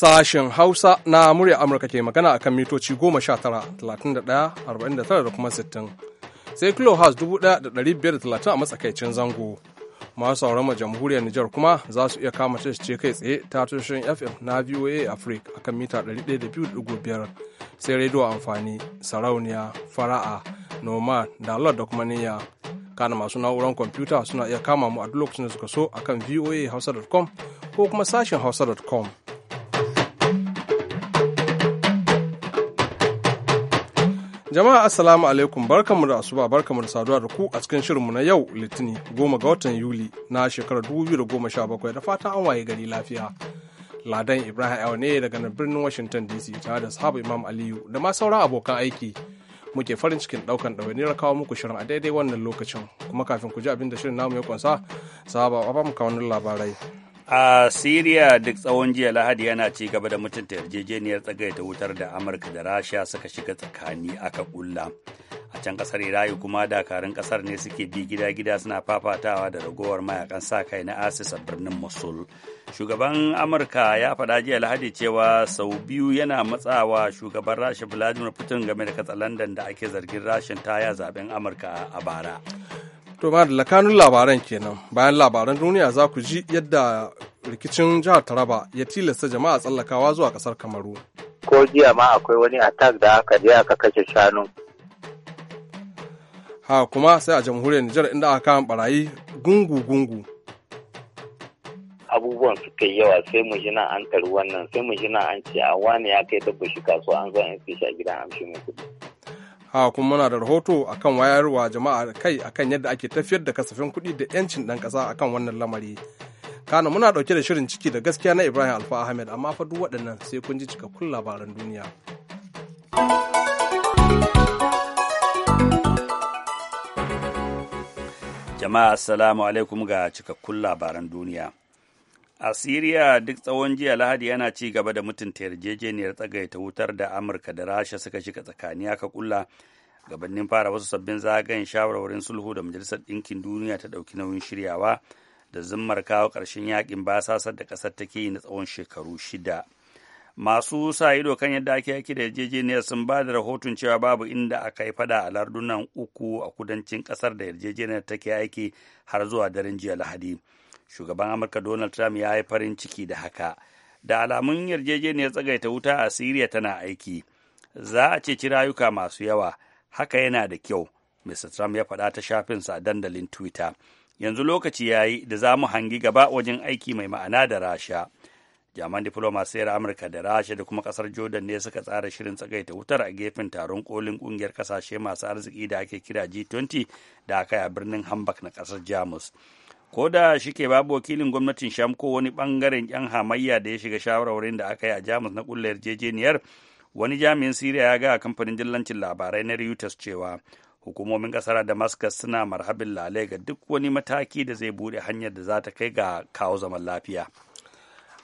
Sashen Hausa na murya Amurka ke magana akan mitoci 19,31,49 da kuma 60. Sai kilohertz 1,530 a matsakaicin zango. Masu sauran jamhuriyar Nijar kuma za su iya kama ce kai tsaye ta tushen FM na VOA Africa akan mita 102.5 sai rediyo amfani, sarauniya, fara'a, noma, dalar da kuma niyya. kana masu na'urar kwamfuta suna iya kama mu a duk lokacin da suka so akan voahausa.com ko kuma sashen hausa.com. Jama'a Assalamu alaikum barkanmu da asuba barkanmu da saduwa da ku a cikin shirinmu na yau Litini goma ga watan Yuli na shekarar biyu da goma sha bakwai da fatan an waye gari lafiya. Ladan Ibrahim yau ne daga na birnin Washington DC tare da sahabu Imam Aliyu da ma sauran abokan aiki. Muke farin cikin ɗaukan daukan ɗawainiyar kawo muku shirin a daidai wannan lokacin kuma kafin ku ji abin da shirin namu ya kunsa sahaba a mu kawo labarai. a siriya duk tsawon jiya lahadi yana ci gaba da mutunta yarjejeniyar ta wutar da amurka da rasha suka shiga tsakani aka kulla a can kasar iraki kuma dakarun kasar ne suke bi gida-gida suna fafatawa da ragowar mayakan sa kai na asis a birnin musul shugaban amurka ya faɗa jiya lahadi cewa sau biyu yana matsawa shugaban rasha vladimir putin game da katsalandan da ake zargin rashin taya zaben amurka a bara To ma da lakanun labaran kenan bayan labaran duniya za ku ji yadda rikicin jihar Taraba ya tilasta jama'a tsallakawa zuwa kasar Kamaru. Ko jiya ma akwai wani attack da aka je aka kashe shanu. Ha kuma sai a jamhuriyar Nijar inda aka kama barayi gungu-gungu. Abubuwan suka yi yawa sai mu jina an taru wannan sai mu jina an ce a wani ya kai dabba shi kasuwa an zo an shi a gidan amshi mai kuɗi. ha kuma muna da rahoto akan wayarwa jama'a kai akan yadda ake tafiyar da kasafin kuɗi da 'yancin ɗan ƙasa akan wannan lamari kana muna ɗauke da shirin ciki da gaskiya na ibrahim alfa ahmed amma fa duk waɗannan sai kun ji cikakkun labaran duniya jama'a assalamu alaikum ga cikakkun labaran duniya a siriya duk tsawon jiya lahadi yana ci gaba da mutunta yarjejeniyar tsagaita wutar da amurka da rasha suka shiga tsakani aka kulla gabanin fara wasu sabbin zagayen shawarwarin sulhu da majalisar ɗinkin duniya ta ɗauki nauyin shiryawa da zimmar kawo ƙarshen yakin basasar da ƙasar take yi na tsawon shekaru shida masu sa ido kan yadda ake yaki da yarjejeniyar sun ba da rahoton cewa babu inda aka yi fada a lardunan uku a kudancin ƙasar da yarjejeniyar take aiki har zuwa daren jiya lahadi shugaban amurka donald trump ya yi farin ciki da haka da alamun yarjejeniyar tsagaita wuta a siriya tana aiki za a ci rayuka masu yawa haka yana da kyau mr trump ya faɗa ta shafinsa a dandalin twitter yanzu lokaci ya yi da za mu hangi gaba wajen aiki mai ma'ana da rasha jaman diflomasiyar amurka da rasha da kuma kasar jordan ne suka tsara shirin tsagaita wutar a gefen taron kolin kungiyar kasashe masu arziki da ake kira g20 da aka yi a birnin hamburg na kasar jamus ko da shi ke babu wakilin gwamnatin sham ko wani bangaren yan hamayya da ya shiga shawarwarin da aka yi a jamus na kulla yarjejeniyar wani jami'in siriya ya ga kamfanin dillancin labarai na reuters cewa hukumomin ƙasar damascus suna marhabin lalai ga duk wani mataki da zai bude hanyar da za ta kai ga kawo zaman lafiya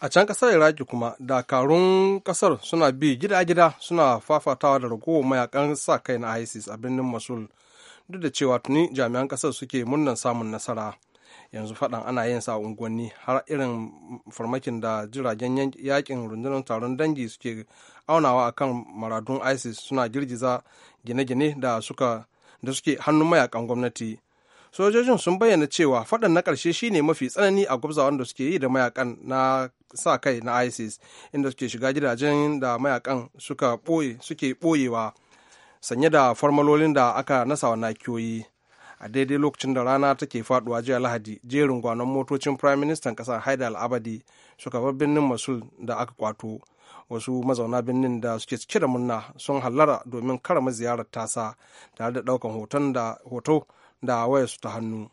a can kasar iraki kuma dakarun kasar suna bi gida-gida suna fafatawa da ragowar mayakan sa kai na isis a birnin mosul duk da cewa tuni jami'an kasar suke munnan samun nasara yanzu faɗan ana yin sa unguwanni har irin farmakin da jiragen yakin rundunar taron dangi suke aunawa akan maradun isis suna girgiza gine-gine da suka da suke hannun mayakan gwamnati sojojin sun bayyana cewa faɗan na ƙarshe shine mafi tsanani a gwabzawan da suke yi da mayakan na sa kai na isis inda suke shiga gidajen da mayakan suka suke boyewa sanye da formalolin da aka nasa wa nakiyoyi a daidai lokacin da rana take faduwa jiya lahadi jerin gwanon motocin prime minister kasar haida al'abadi suka bar birnin masul da aka kwato wasu mazauna birnin da suke cike da murna sun hallara domin karama ziyarar tasa tare da daukan hoton da hoto da wayarsu ta hannu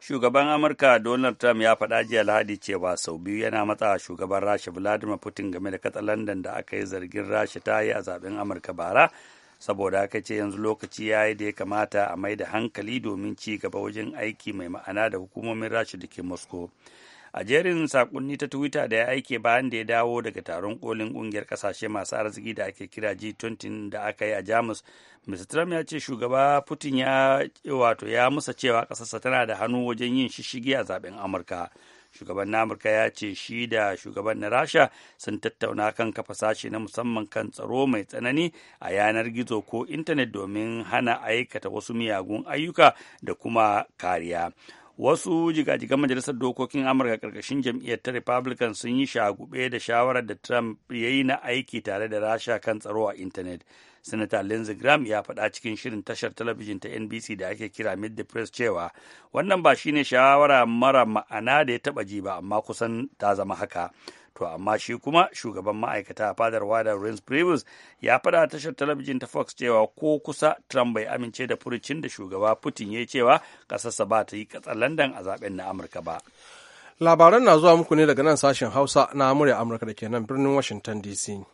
shugaban amurka donald trump ya faɗa jiya lahadi cewa sau biyu yana matsa shugaban rasha vladimir putin game da katsalandan da aka yi zargin rasha ta yi a zaben amurka bara saboda haka ce yanzu lokaci ya yi da ya kamata a mai da hankali domin ci gaba wajen aiki mai ma'ana da hukumomin rashi da ke moscow a jerin sakonni ta twitter da ya aike bayan da ya dawo daga taron kolin kungiyar kasashe masu arziki da ake kira g20 da aka yi a jamus mr trump ya ce shugaba putin ya wato ya musa cewa kasarsa tana da hannu wajen yin shishigi a zaben amurka shugaban na amurka ya ce shi da shugaban na rasha sun tattauna kan kafa sashe na musamman kan tsaro mai tsanani a yanar gizo ko intanet domin hana aikata wasu miyagun ayyuka da kuma kariya wasu jigajigan majalisar dokokin amurka karkashin jam'iyyar ta republican sun yi shagube da shawarar da trump ya yi na aiki tare da rasha kan tsaro a intanet Sanata Lindsey Graham ya faɗa cikin shirin tashar talabijin ta NBC da ake kira Mid the Press cewa wannan ba shine shawara mara ma'ana da ya taɓa ji ba amma kusan ta zama haka. To amma shi kuma shugaban ma'aikata a fadar wada Rince brevis ya faɗa tashar talabijin ta Fox cewa ko kusa Trump bai amince da furucin da shugaba Putin ya cewa kasarsa ba ta yi landan a zaben na Amurka ba. Labaran na zuwa muku ne daga nan sashen Hausa na Amurka da ke nan birnin Washington DC.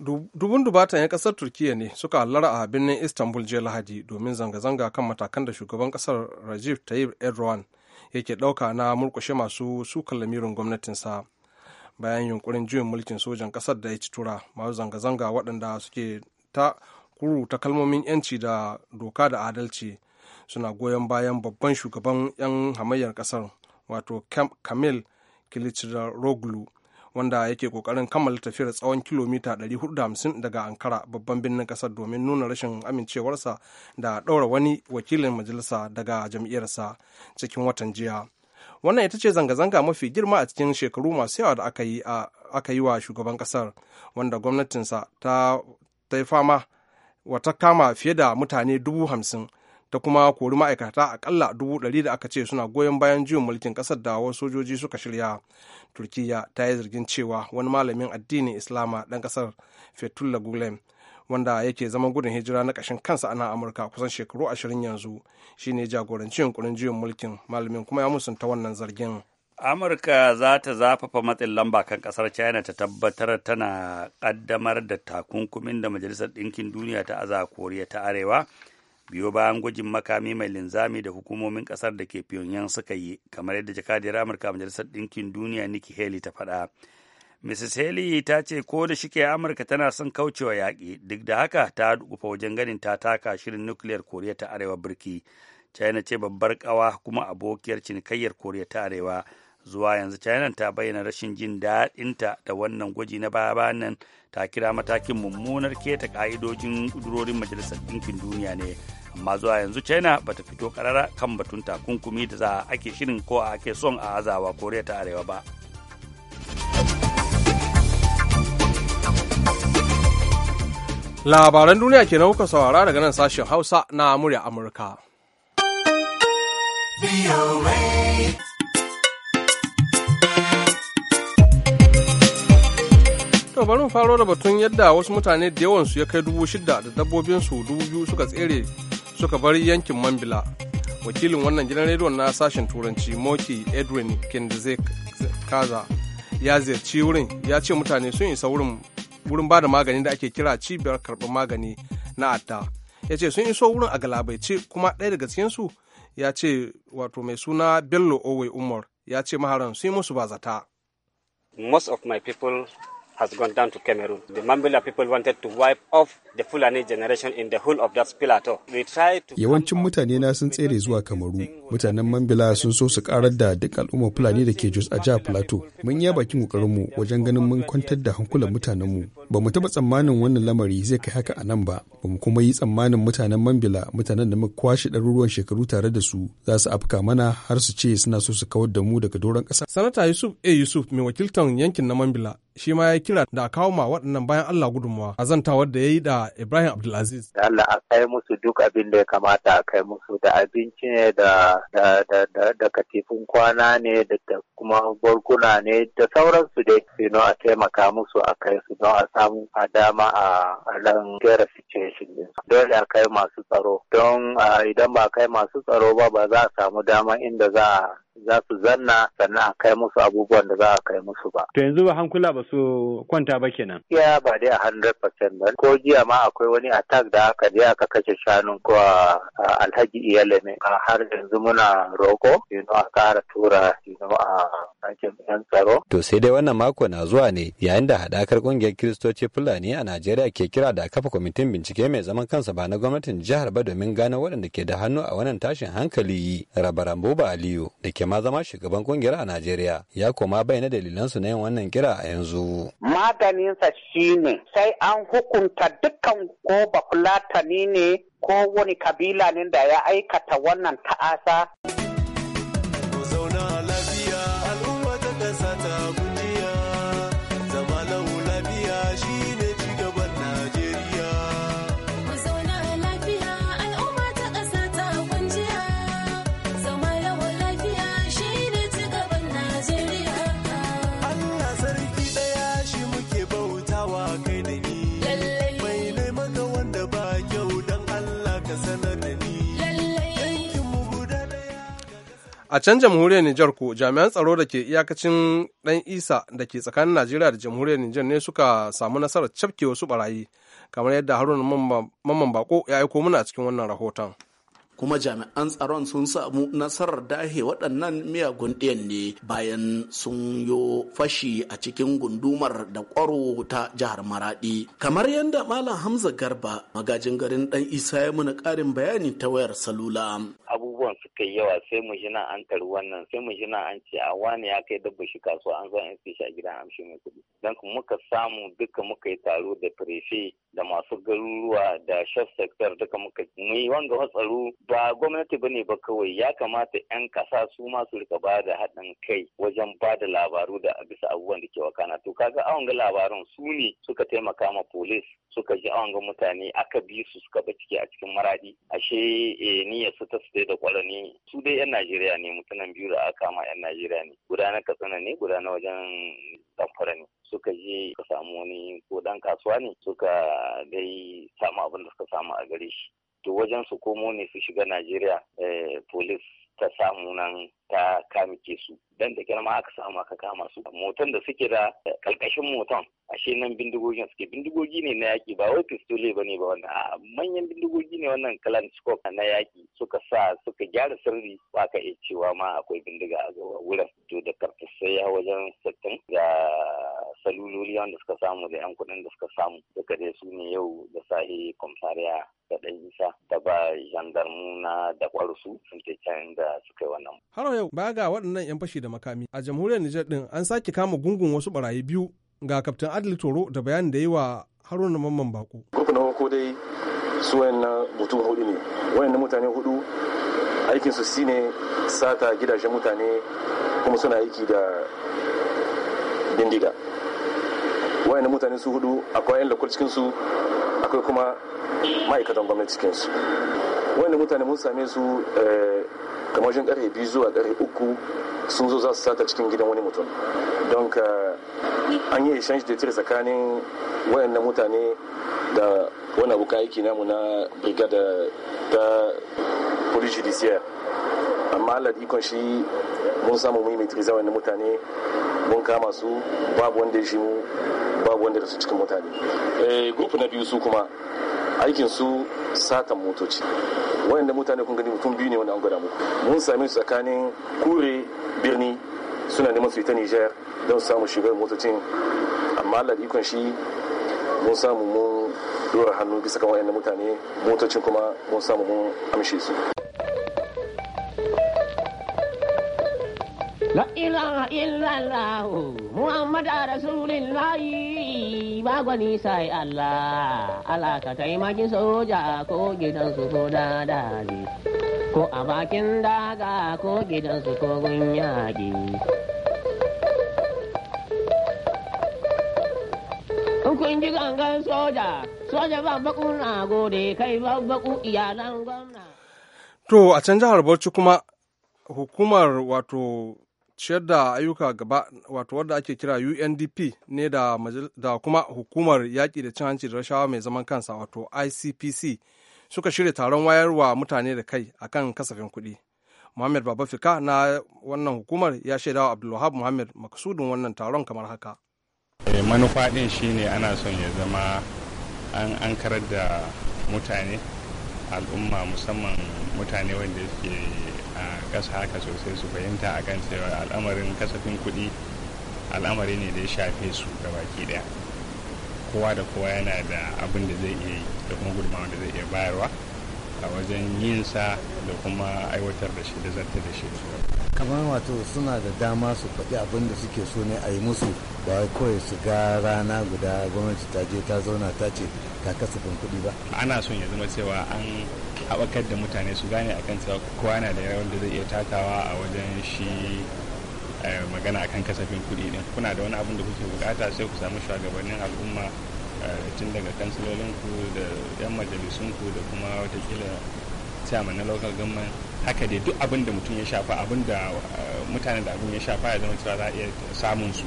dubun dubatan 'yan kasar turkiya ne suka hallara a birnin istanbul jiya lahadi domin zanga-zanga kan matakan da shugaban kasar rajiv tayyip erdogan yake ɗauka na murkushe masu sukan lamirin gwamnatinsa bayan yunkurin juyin mulkin sojan kasar da ya ci tura masu zanga-zanga waɗanda suke ta kuru ta kalmomin 'yanci da doka da adalci suna goyon bayan babban shugaban 'yan hamayyar kasar wato kamil roglu. wanda yake kokarin kammala tafiyar tsawon kilomita 450 daga ankara babban birnin kasar domin nuna rashin amincewarsa da ɗaura wani wakilin majalisa daga jam'iyyarsa cikin watan jiya wannan ita ce zanga-zanga mafi girma a cikin shekaru masu yawa da aka yi wa shugaban kasar wanda gwamnatinsa ta yi fama wata kama fiye da mutane dubu hamsin ta kuma kori ma'aikata akalla dubu ɗari da aka ce suna goyon bayan juyin mulkin ƙasar da wasu sojoji suka shirya turkiya ta yi zargin cewa wani malamin addinin islama ɗan ƙasar fetullah gulen wanda yake zama gudun hijira na ƙashin kansa a nan amurka kusan shekaru ashirin yanzu shine jagoranci yunkurin juyin mulkin malamin kuma ya musanta wannan zargin amurka za ta zafafa matsin lamba kan kasar china ta tabbatar tana kaddamar da takunkumin da majalisar ɗinkin duniya ta aza koriya ta arewa biyo bayan gwajin makami mai linzami da hukumomin kasar da ke pyongyang suka yi kamar yadda jakadiyar amurka majalisar ɗinkin duniya nikki haley ta faɗa mrs haley ta ce ko da shike amurka tana son kaucewa yaƙi duk da haka ta dukufa wajen ganin ta taka shirin nukiliyar koriya ta arewa birki china ce babbar kawa kuma abokiyar cinikayyar koriya ta arewa zuwa yanzu china ta bayyana rashin jin daɗinta da wannan gwaji na baya nan ta kira matakin mummunar keta ka'idojin ƙudurorin majalisar ɗinkin duniya ne amma zuwa yanzu china ba ta fito karara kan batun takunkumi da za a ake shirin ko a ake son a azawa koriya ta arewa ba labaran duniya ke kuka saurara daga nan sashen hausa na murya amurka To bari mu faro da batun yadda wasu mutane da yawansu ya kai dubu shida da dabbobinsu dubu biyu suka tsere suka bar yankin Mambila. Wakilin wannan gidan rediyon na sashen Turanci Moki Edwin Kindizek Kaza ya ziyarci wurin ya ce mutane sun isa wurin wurin da magani da ake kira cibiyar karɓar magani na adda ya ce sun iso wurin a galabaice kuma ɗaya daga cikinsu ya ce wato mai suna bello owe umar ya ce maharan sun yi musu ba zata most of my people has gone down to cameroon the mambila people wanted to wipe off generation in the whole of that Yawancin mutane na sun tsere zuwa Kamaru. Mutanen Mambila sun so su karar da duk al'ummar Fulani da ke Jos a jihar Plateau. Mun yi bakin kokarin mu wajen ganin mun kwantar da hankulan mutanen mu. Ba mu taba tsammanin wannan lamari zai kai haka a nan ba. Ba mu kuma yi tsammanin mutanen Mambila, mutanen da muka kwashe ɗaruruwan shekaru tare da su za su afka mana har su ce suna so su kawar da mu daga doron ƙasa. Sanata Yusuf A. Yusuf mai wakiltan yankin na Mambila shi ma ya kira da a kawo ma waɗannan bayan Allah gudunmawa a zantawar da ya yi da Ibrahim Abdulaziz. Da Allah a kai musu duk abin da ya kamata a kai musu da abinci ne da da da da katifin kwana ne da kuma barguna ne da sauransu dai su a taimaka musu a kai su don a samu a dama a ran gera situation din. Dole a kai masu tsaro don idan ba kai masu tsaro ba ba za a samu dama inda za a za su zanna sannan a kai musu abubuwan da za a kai musu ba. To yanzu ba hankula ba su kwanta ba kenan. Iya ba dai a hundred percent ba. Ko jiya ma akwai wani attack da aka je aka kashe shanun ko a Alhaji Iyale ne. Har yanzu muna roko yino a kara tura yino a ɗakin ɗan tsaro. To sai dai wannan mako na zuwa ne yayin da haɗakar ƙungiyar Kiristoci Fulani a Najeriya ke kira da kafa kwamitin bincike mai zaman kansa ba na gwamnatin jihar ba domin gano waɗanda ke da hannu a wannan tashin hankali. Rabaran Buba Aliyu da ke ma zama shugaban kungiyar a Najeriya ya koma bayyana dalilansu na yin wannan kira a yanzu. Maganinsa shine sai an hukunta dukkan ko bakulatani ne ko wani kabila ne da ya aikata wannan ta'asa. A can jamhuriyar Nijar ko jami'an tsaro da ke iyakacin ɗan isa da ke tsakanin Najeriya da jamhuriyar Nijar ne suka samu nasarar cafke wasu barayi kamar yadda Haruna Mamman Bako ya aiko muna a cikin wannan rahoton. kuma jami'an tsaron sun samu nasarar dahe waɗannan miyagun ɗiyan ne bayan sun yo fashi a cikin gundumar da ƙwaro ta jihar maraɗi kamar yadda malam hamza garba magajin garin ɗan isa ya muna ƙarin bayani ta wayar salula abubuwan suka yi yawa sai mu shina an taru wannan sai mu shina an ce a wani ya kai dabba shi kasuwa an zo an iske shi a gidan amshi mai kudi don muka samu duka muka yi taro da prefe da masu garuruwa da chef sector duka muka mu yi wanga tsaro ba gwamnati ba ne ba kawai ya kamata 'yan kasa su ma su rika ba da haɗin kai wajen ba da labaru da bisa abubuwan da ke wakana to kaga awon ga labaran su ne suka taimaka ma police suka ji awon ga mutane aka bi su suka ba ciki a cikin maradi ashe eh, niyyar su ta su da kwara ne su dai yan najeriya ne mutanen biyu da aka kama yan najeriya ne guda na katsina ne guda na wajen zamfara ne suka je ka samu wani ko dan kasuwa ne suka dai samu abin da suka samu a gare shi to wajen su komo ne su shiga najeriya eh, polis ta samu nan ta kamike su dan da girma aka samu aka kama su motan da suke da kalkashin eh, motan ashe nan bindigogin suke bindigogi ne na yaki ba wai pistole bane ba wannan a manyan bindigogi ne wannan kalanchikov na yaki suka sa suka gyara sirri ba ka iya cewa ma akwai bindiga a wurin to da sai ya wajen sittin da saluloli wanda suka samu da yan kuɗin da suka samu duka dai su ne yau da sahi kwamfariya, da ɗan isa da ba jandarmu na da kwarusu sun ce can da suka yi wannan. yau ba ga waɗannan 'yan fashi da makami a jamhuriyar Nijar ɗin an sake kama gungun wasu barayi biyu ga kaftin Adil Toro da bayanin da yi wa Haruna Mamman baƙo. Kuku na farko dai su na mutum hudu ne wayannan mutane hudu aikinsu shine sata gidajen mutane kuma suna aiki da bindiga wayan mutane su hudu akwai 'yan cikin su akwai kuma ma'aikatan gwamnati su wayan mutane mun same su eh, kamar jin karfe biyu zuwa karfe uku sun zo za su sata cikin gidan wani mutum don ka an yi exchange da tiri tsakanin wayannan mutane da wani abu aiki namu na brigada ta police judiciaire amma allah ikon shi mun samu mun yi maitiriza wani mutane mun kama su babu wanda ya shi mu babu wanda da su cikin mutane eh, grup na biyu su kuma aikin su satan motoci da mutane kun gani mutum biyu ne wanda an gwada muku mun sami su tsakanin kure birni suna neman su ita Nijar don samu shigar motocin amma Allah ikon shi mun samu mun dora hannu bisa kan wayannan mutane motocin kuma mun samu mun amshe su La ilaha illallah Muhammad Rasulullah ba gwani sai Allah Allah ka taimakin soja ko gidan su ko dadali ko a bakin daga ko gidan su ko gunyaki kun ji gangan soja soja ba baku na gode kai ba baku iyalan gwamna to a can jihar Bauchi kuma hukumar wato ciyar da ayyuka gaba wato wadda ake kira UNDP ne da, kuma hukumar yaƙi da cin hanci da rashawa mai zaman kansa wato ICPC suka shirya taron wayarwa mutane da kai akan kasafin kuɗi. Muhammad Babafika na wannan hukumar ya shaidawa Abdulwahab Muhammad maksudin wannan taron kamar haka. Eh, manufa ɗin shine ana son ya zama an ankarar da mutane al'umma musamman mutane wanda ke kasa haka sosai su fahimta a kan cewa al'amarin kasafin kuɗi al'amari ne da ya shafe su ga baki ɗaya kowa da kowa yana da abin da zai iya yi da kuma gudunmawa da zai iya bayarwa a wajen yin sa da kuma aiwatar da shi da zarta da shi kamar wato suna da dama su faɗi abin da suke so ne a yi musu ba kawai su ga rana guda gwamnati ta je ta zauna ta ce ta kasafin kuɗi ba ana son ya zama cewa an haɓakar da mutane su gane akan cewa kowa na da rawar da zai iya takawa a wajen shi eh, magana akan kasafin kuɗi din kuna da wani abin da kuke bukata sai ku samu shugabannin al'umma eh, tun daga kansilolinku da 'yan majalisunku da kuma watakila chairman na local government haka dai duk abin da mutum ya shafa abin da eh, mutanen da abin ya shafa ya zama cewa za a iya samun su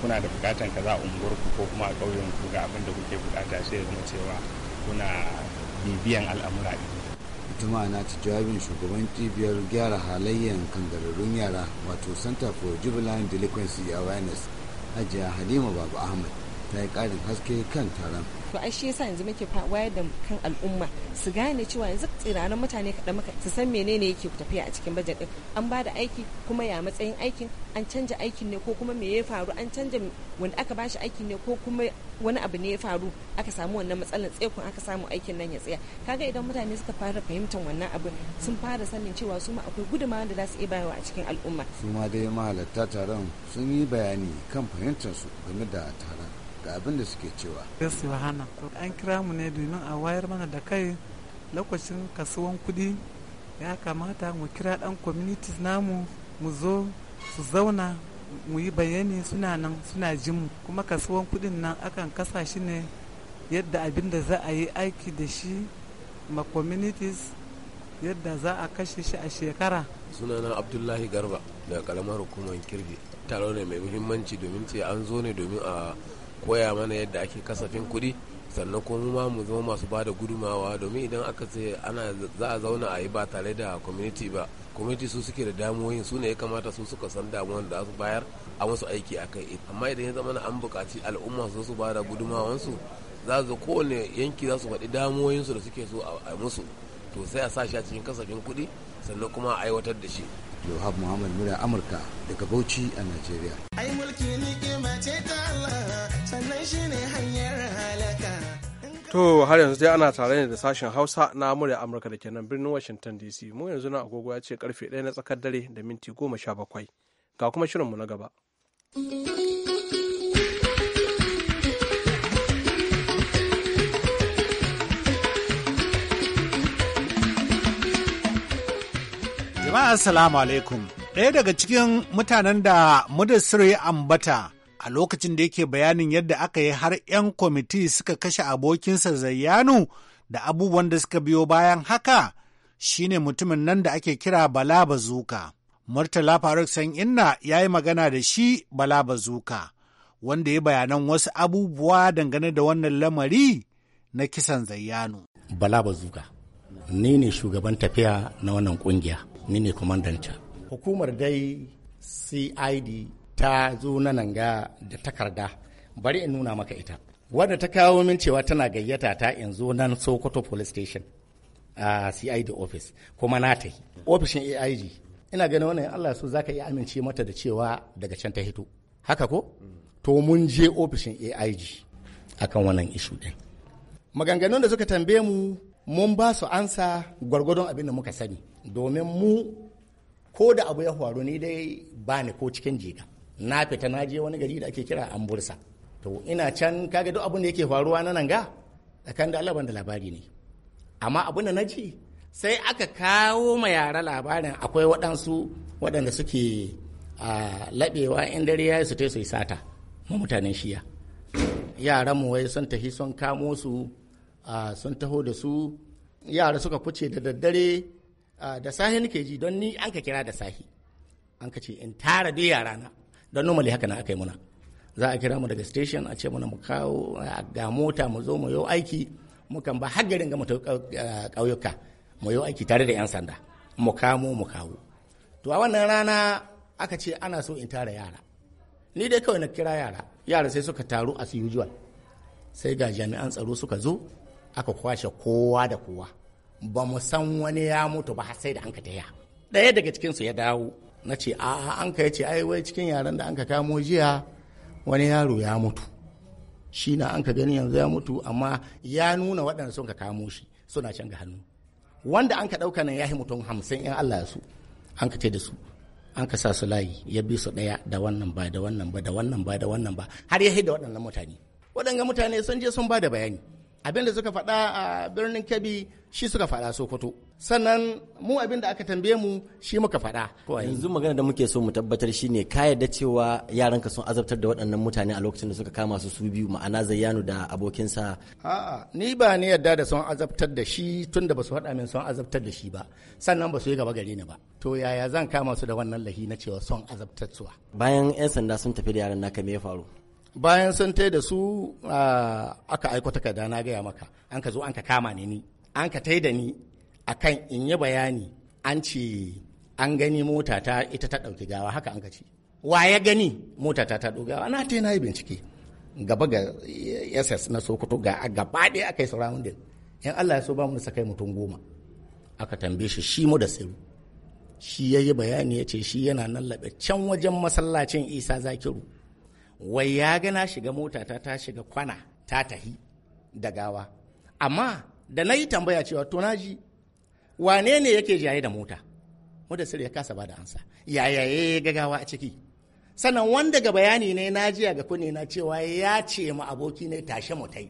kuna da bukatan ka za a ku ko kuma a ku ga abin da kuke bukata sai ya zama cewa kuna bibiyan al'amura juma'a na ta jawabin shugaban cibiyar gyara halayyar kangararrun yara wato center for juvenile delinquency awareness hajiya halima babu ahmad ta yi ƙarin haske kan taron. To ai shi yasa yanzu muke wayar da kan al'umma su gane cewa yanzu tsiranan mutane kaɗan maka su san menene yake tafiya a cikin bajet ɗin an ba da aiki kuma ya matsayin aikin an canja aikin ne ko kuma me ya faru an canja wanda aka bashi aikin ne ko kuma wani abu ne ya faru aka samu wannan matsalar tsekun aka samu aikin nan ya tsaya kaga idan mutane suka fara fahimtar wannan abu sun fara sanin cewa su ma akwai gudunmawa da za su iya bayarwa a cikin al'umma su ma dai mahalarta taron sun yi bayani kan fahimtar su game da taron ga abin da suke cewa. Yesu Yohana, an kira mu ne domin a wayar mana da kai lokacin kasuwan kuɗi ya kamata mu kira ɗan communities namu mu zo su zauna mu yi bayani suna nan suna jin mu kuma kasuwan kuɗin nan akan kasa shi ne yadda abin da za a yi aiki da shi ma communities yadda za a kashe shi a shekara. sunana abdullahi garba daga kalamar hukumar kirji taro ne mai muhimmanci domin ce an zo ne domin a koya mana yadda ake kasafin kuɗi sannan kuma ma mu zama masu ba da gudumawa domin idan aka ce ana za a zauna a yi ba tare da community ba community su suke da damuwoyin su ne ya kamata su suka san damuwan da su bayar a musu aiki a kai amma idan ya zama an buƙaci al'umma su su ba da gudumawansu za su kowane yanki za su faɗi damuwoyinsu da suke so a musu to sai a sa shi a cikin kasafin kuɗi sannan kuma a aiwatar da shi. Yohab Muhammad Murya Amurka daga Bauchi a Najeriya. Ai mulki ni ce ta Allah sannan shi ne hanyar halaka To har yanzu dai ana tare ne da sashen Hausa na murya Amurka da kenan birnin Washington DC. Mu yanzu na agogo ya ce karfe 1 na tsakar dare da minti 17. Ga kuma shirinmu na gaba. Jama'a assalamu alaikum. Ɗaya daga cikin mutanen da Mudassir ya ambata a lokacin da yake bayanin yadda aka yi har 'yan kwamiti suka kashe abokinsa zayyanu da abubuwan da suka biyo bayan haka shine mutumin nan da ake kira bala bazuka murtala faruk san inna ya yi magana da shi bala bazuka wanda ya bayanan wasu abubuwa dangane da wannan lamari na kisan zayyanu bala bazuka ni ne shugaban tafiya na wannan kungiya ni ne kwamandanta hukumar dai cid ta zo na nan ga da takarda bari in nuna maka ita wanda ta kawo min cewa tana gayyata ta in zo nan sokoto police station a cid office kuma na ta yi ofishin aig ina ganin wannan allah so zaka iya amince mata da cewa daga can ta hito haka ko to mun je ofishin aig akan wannan ishu din maganganun da suka tambaye mu mun ba su ansa gwargwadon abin da muka sani domin mu ko da abu ya faru ni dai ba ni ko cikin jeka. na fita na je wani gari da ake kira ambursa to ina can kaga duk abin da yake faruwa na nan ga tsakan da alaban da labari ne amma abin da na ji sai aka kawo ma yara labarin akwai waɗansu waɗanda suke laɓewa in dare ya yi su su yi sata ma mutanen shiya yaran mu wai sun tafi sun kamo su sun taho da su yara suka kuce da daddare da sahi nake ji don ni an ka kira da sahi an ka ce in tara dai yarana. don normally haka na aka yi muna za a kira mu daga station a ce muna mu kawo ga mota mu zo mu yi aiki mukan ba har garin ga ƙauyuka mu yi aiki tare da 'yan sanda mu kamo mu kawo to a wannan rana aka ce ana so in tara yara ni dai kawai na kira yara yara sai suka taru a usual sai ga jami'an tsaro suka zo aka kwashe kowa da kowa ba mu san wani ya mutu ba sai da an ka taya ɗaya daga cikinsu ya dawo na ce a an ka ce ai wai cikin yaran da an ka kamo jiya wani yaro ya mutu shi na an ka gani yanzu ya mutu amma ya nuna waɗanda sun ka kamo shi suna can ga hannu wanda an ka ɗauka nan ya yi mutum hamsin in Allah ya su an ka da su an ka sa su layi ya bi su ɗaya da wannan ba da wannan ba da wannan ba da wannan ba har ya da waɗannan mutane Waɗanga mutane sun je sun ba da bayani abin da suka faɗa a birnin kebbi shi suka faɗa sokoto sannan mu abin da aka tambaye mu shi muka faɗa. yanzu magana da muke so mu tabbatar shi ne ka yarda cewa yaranka sun azabtar da waɗannan mutane a lokacin da suka kama su su biyu ma'ana zayyanu da abokinsa. a'a ni ba ni yarda da sun azabtar da shi tun da ba su min sun azabtar da shi ba sannan ba yi gaba gare ni ba to yaya zan kama su da wannan lahi na cewa sun azabtar suwa. bayan 'yan sanda sun tafi da yaran naka me ya faru. bayan sun tai da su ah, aka aiko takarda na gaya maka an ka zo an ka kama ni ni an ka tai da ni kan in yi bayani an ce an gani mota ta ita ta ɗauki gawa haka an ka ce wa ya gani mota ta ta gawa na ta na yi bincike gaba ga ss na sokoto ga gaba ɗaya aka yi surrounding in allah ya so ba mu da sakai mutum goma aka tambaye shi shi mu da siru shi ya yi bayani ya ce shi yana nan laɓe can wajen masallacin isa zakiru wai ya gana shiga mota ta shiga kwana ta tahi da gawa amma da na yi tambaya cewa to na ji wane ne yake jaye da mota mudassir ya kasa ba da ansa yaya ya gagawa a ciki sannan wanda ga bayani ne na jiya ga kunne na cewa ya ce ma aboki ne tashe motai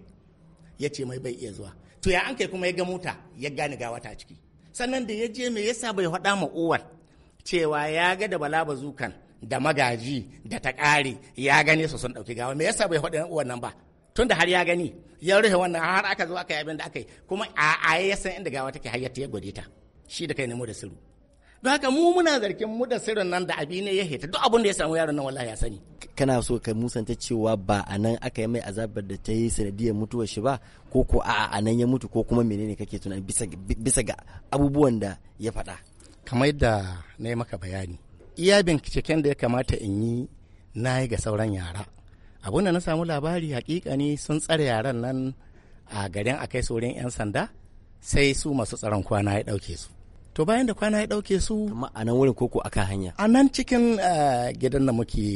ya ce mai bai iya zuwa to ya an kai kuma ya ga mota ya gane gawa ta ciki sannan da ya je me yasa bai faɗa ma uwar cewa ya ga da bala bazukan da magaji da ta ƙare ya gane su sun ɗauki gawa me yasa bai faɗa uwar nan ba tun da har ya gani ya rufe wannan har aka zo aka yi abin da aka yi kuma a ya san inda gawa take hayyata ya gode ta shi da kai ne mu da siru don haka mu muna zargin mu da sirrin nan da abi ne ya heta duk abin da ya samu yaron nan wallahi ya sani kana so ka musanta cewa ba a nan aka yi mai azabar da ta yi sanadiyar mutuwar shi ba ko ko a a ya mutu ko kuma menene kake tunani bisa bisa ga abubuwan da ya faɗa kamar yadda na yi maka bayani iya binciken da ya kamata in yi na yi ga sauran yara abun da na samu labari hakika ne sun tsare yaran nan a garin a kai saurin 'yan sanda sai su masu tsaron kwana ya dauke su to bayan da kwana ya dauke su amma a nan wurin koko akan hanya a nan cikin eh, gidan da muke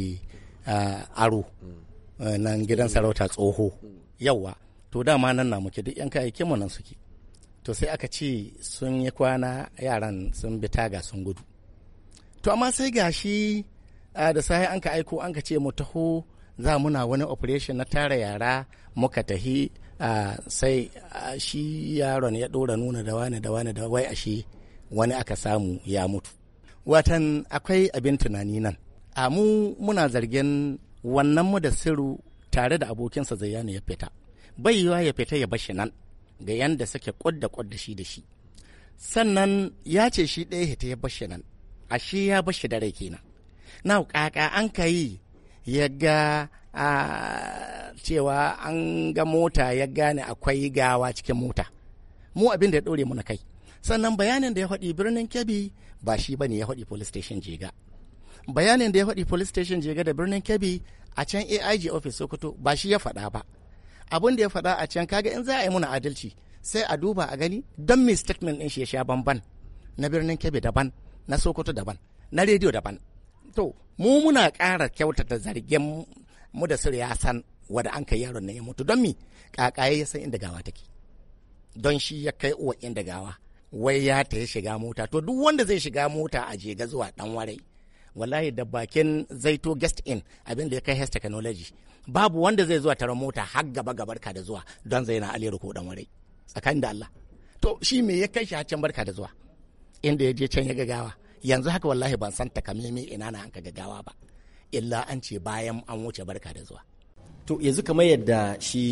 eh, aro mm. eh, nan gidan mm. sarauta tsoho mm. yawa to dama nan na muke duk 'yan kayayyakin mu nan suke to sai aka ce sun yi kwana yaran sun bi taga sun gudu to amma sai gashi da sai an ka aiko an ka ce mu taho za muna wani operation na tara yara muka tahi sai shi yaron ya ɗora nuna da wani da wani da wai ashe wani aka samu ya mutu watan akwai abin tunani nan a mu muna zargin wannan mu da siru tare da abokinsa zayyana ya fita bai yiwa ya fita ya bashi nan ga yanda suke kudda kudda shi da shi sannan ya ce shi ɗaya hita ya bashi nan ashe ya bashi da rai kenan na kaka an ka yi ya ga cewa an ga mota ya gane akwai gawa cikin mota mu abin da ya ɗore muna kai sannan bayanin da ya faɗi birnin kebi ba shi ba ne ya faɗi police station jega bayanin da ya faɗi police station jega da birnin kebi a can aig office sokoto ba shi ya faɗa ba abin da ya faɗa a can kaga in za a yi muna adalci sai a duba a gani don mai statement ɗin shi ya sha bamban na birnin kebi daban na sokoto daban na rediyo daban To, mu muna ƙara kyautata zargin mu da sir ya san wada an kai yaron na ya mutu don mi kakaye ya san inda gawa take don shi ya kai uwa inda gawa wai ya ta ya shiga mota to duk wanda zai shiga mota a jega zuwa dan warai wallahi da bakin zaito guest in abin da ya kai health technology babu wanda zai zuwa tara mota har gaba ga barka da zuwa don zai na alero ko dan warai tsakanin da Allah to shi me ya kai shi a can barka da zuwa inda ya je can ya ga gawa yanzu haka wallahi ban san takamaimai ina na hanka gaggawa ba illa an ce bayan an wuce barka da zuwa to yanzu kamar yadda shi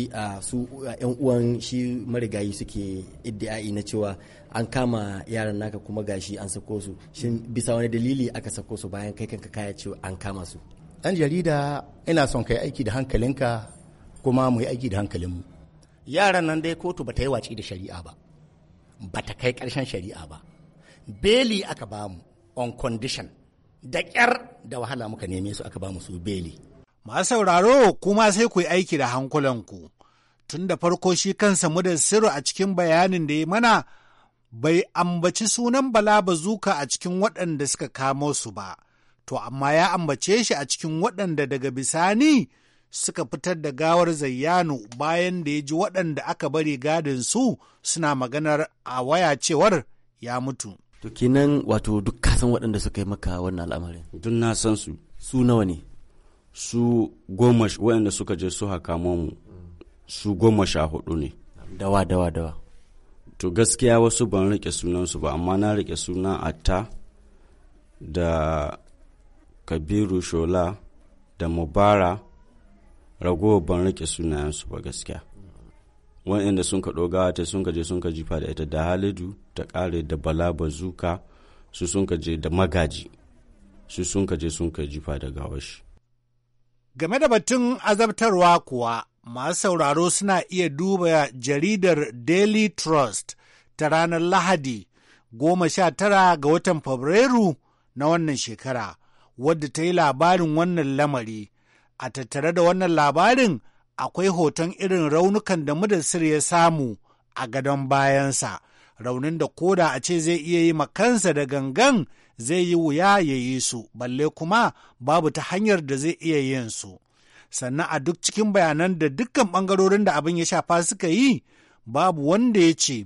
su yan uwan shi marigayi suke iddi'ai na cewa an kama yaran naka kuma gashi an sako su shin bisa wani dalili aka sako su bayan kai kanka kaya cewa an kama su dan jarida ina son kai aiki da hankalinka kuma mu yi aiki da hankalinmu yaran nan dai kotu bata yi watsi da shari'a ba bata kai karshen shari'a ba beli aka bamu on condition da ƙyar da wahala muka neme su aka ba mu su beli. Masu sauraro kuma sai ku yi aiki da hankulanku. Tun da farko shi kansa da siru a cikin bayanin da ya mana bai ambaci sunan Bala Bazuka a cikin waɗanda suka kamo su ba, to amma ya ambace shi a cikin waɗanda daga bisani suka fitar da gawar Zayyano bayan da ya ji waɗanda aka bari gadin su suna maganar a waya cewar ya mutu. to kenan wato duk ka san waɗanda suka yi maka wannan al'amarin duk na san su su nawa ne su goma waɗanda suka je su haka mu su goma sha hudu ne dawa dawa dawa to gaskiya wasu ban rike sunansu ba amma na rike suna atta da kabiru shola da mubara ragowa ban rike sunayensu ba gaskiya wa'anda sun ka ɗoga ta sun ka je sun ka jifa da ita da halidu ta ƙare da bala bazuka su sun ka je da magaji su sun ka je sun ka jifa da gawashi. Game da batun azabtarwa kuwa masu sauraro suna iya duba jaridar Daily Trust ta ranar Lahadi goma sha tara ga watan Fabrairu na wannan shekara wadda ta yi labarin wannan lamari. A tattare da wannan labarin akwai hoton irin raunukan da mudassir ya samu a gadon bayansa, raunin da koda a ce zai iya yi makansa da gangan zai yi wuya ya yi su, balle kuma babu ta hanyar da zai iya yin su. Sannan a duk cikin bayanan da dukkan ɓangarorin da abin ya shafa suka yi, babu wanda ya ce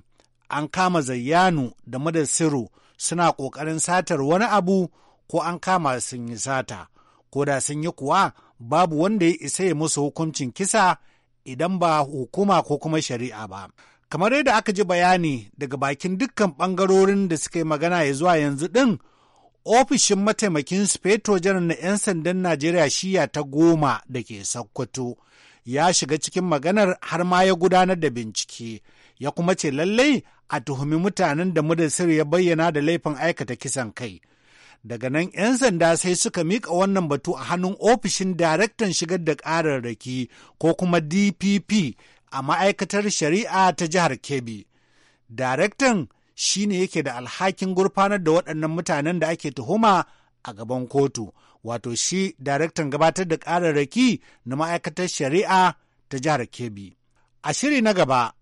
an kama zayyanu da mudassiru suna ƙoƙarin satar wani abu ko an kama sun yi sata, ko da sun yi kuwa babu wanda ya isa ya musu hukuncin kisa idan ba hukuma ko kuma shari'a ba. Kamar yadda aka ji bayani daga bakin dukkan bangarorin da suka yi magana ya zuwa yanzu ɗin, ofishin mataimakin speto janar na 'yan sandan Najeriya shiya ta goma da ke Sokoto ya shiga cikin maganar har ma ya gudanar da bincike, ya kuma ce lallai a tuhumi mutanen da Mudassir ya bayyana da laifin aikata kisan kai. Daga nan 'yan sanda sai suka mika wannan batu a hannun ofishin daraktan shigar da ƙararraki ko kuma DPP a ma'aikatar shari'a ta jihar Kebbi. Daraktan shi ne yake da alhakin gurfanar da waɗannan mutanen da ake tuhuma a gaban kotu, wato shi daraktan gabatar da ƙararraki na ma'aikatar shari'a ta jihar Kebbi. A shiri na gaba,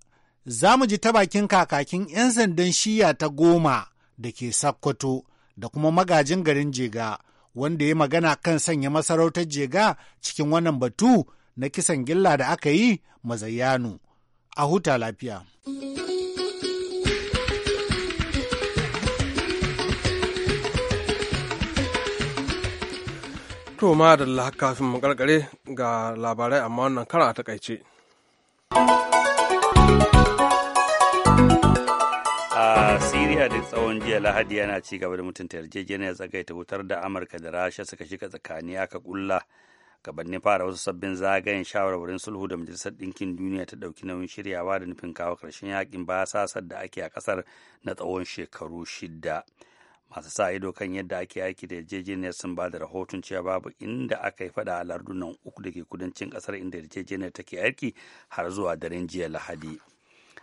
za mu ji ta bakin kakakin 'yan sandan shiya ta goma da ke Sakkwato, da kuma magajin garin Jega wanda ya magana kan sanya masarautar Jega cikin wannan batu na kisan gilla da aka yi mazayyanu. A huta lafiya. To ma da kafin mu karkare ga labarai amma wannan kara a takaice. a siriya da tsawon jiya lahadi yana ci gaba da mutunta yarjejeniyar tsagaita wutar da amurka da rasha suka shiga tsakani aka kulla gabanin fara wasu sabbin zagayen shawarwarin sulhu da majalisar ɗinkin duniya ta ɗauki nauyin shiryawa da nufin kawo karshen yakin basasar da ake a kasar na tsawon shekaru shida masu sa ido kan yadda ake aiki da yarjejeniyar sun ba da rahoton cewa babu inda aka yi fada a lardunan uku da ke kudancin kasar inda yarjejeniyar take aiki har zuwa daren jiya lahadi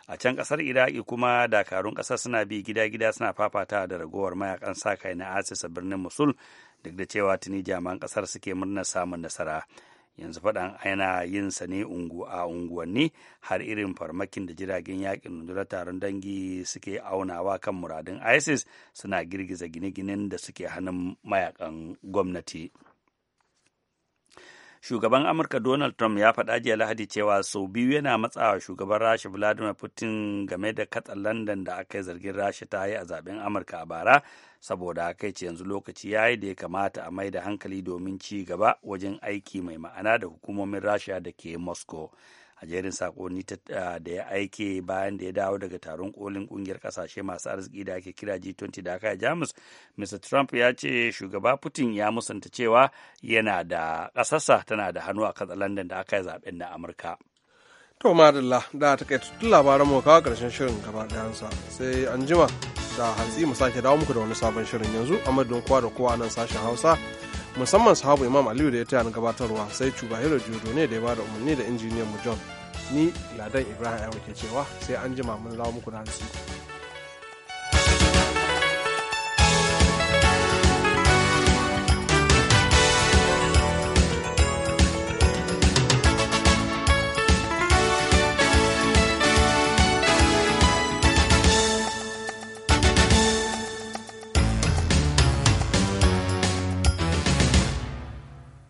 a can kasar iraki kuma dakarun kasar suna bi gida-gida suna fafata da ragowar mayakan sa kai na asisa birnin musul duk da cewa tuni jami'an kasar suke murnar samun nasara yanzu faɗan yana yin sa ne ungu a unguwanni har irin farmakin da jiragen yakin rundunar taron dangi suke aunawa kan muradun isis suna girgiza gine-ginen da suke hannun mayakan gwamnati. shugaban amurka donald trump ya faɗa jiya lahadi cewa sau biyu yana matsawa shugaban rasha vladimir putin game da katsan london da aka yi zargin rasha ta yi a zaben amurka a bara saboda haka ce yanzu lokaci ya yi da ya kamata a mai da hankali domin ci gaba wajen aiki mai ma'ana da hukumomin rasha da ke moscow a jerin sakonni ah, da ya aike bayan da ya dawo daga taron kolin kungiyar kasashe masu arziki da ake kira G20 da aka Jamus. Mr. Trump ya ce shugaba Putin ya musanta cewa yana da ƙasarsa tana da hannu a katsalandan da aka yi zaben na Amurka. To madalla da ta kai tutun labaran mu kawo ƙarshen shirin gaba ɗayansa sai an jima da hantsi mu sake dawo muku da wani sabon shirin yanzu a madadin kowa da kowa nan sashen Hausa. musamman sahabu imam aliyu da ya taya gabatarwa sai cuba hero jodo ne da ya bada umarni da injiniyan mu john ni ladan ibrahim ke cewa sai an jima mun lawo muku na hansi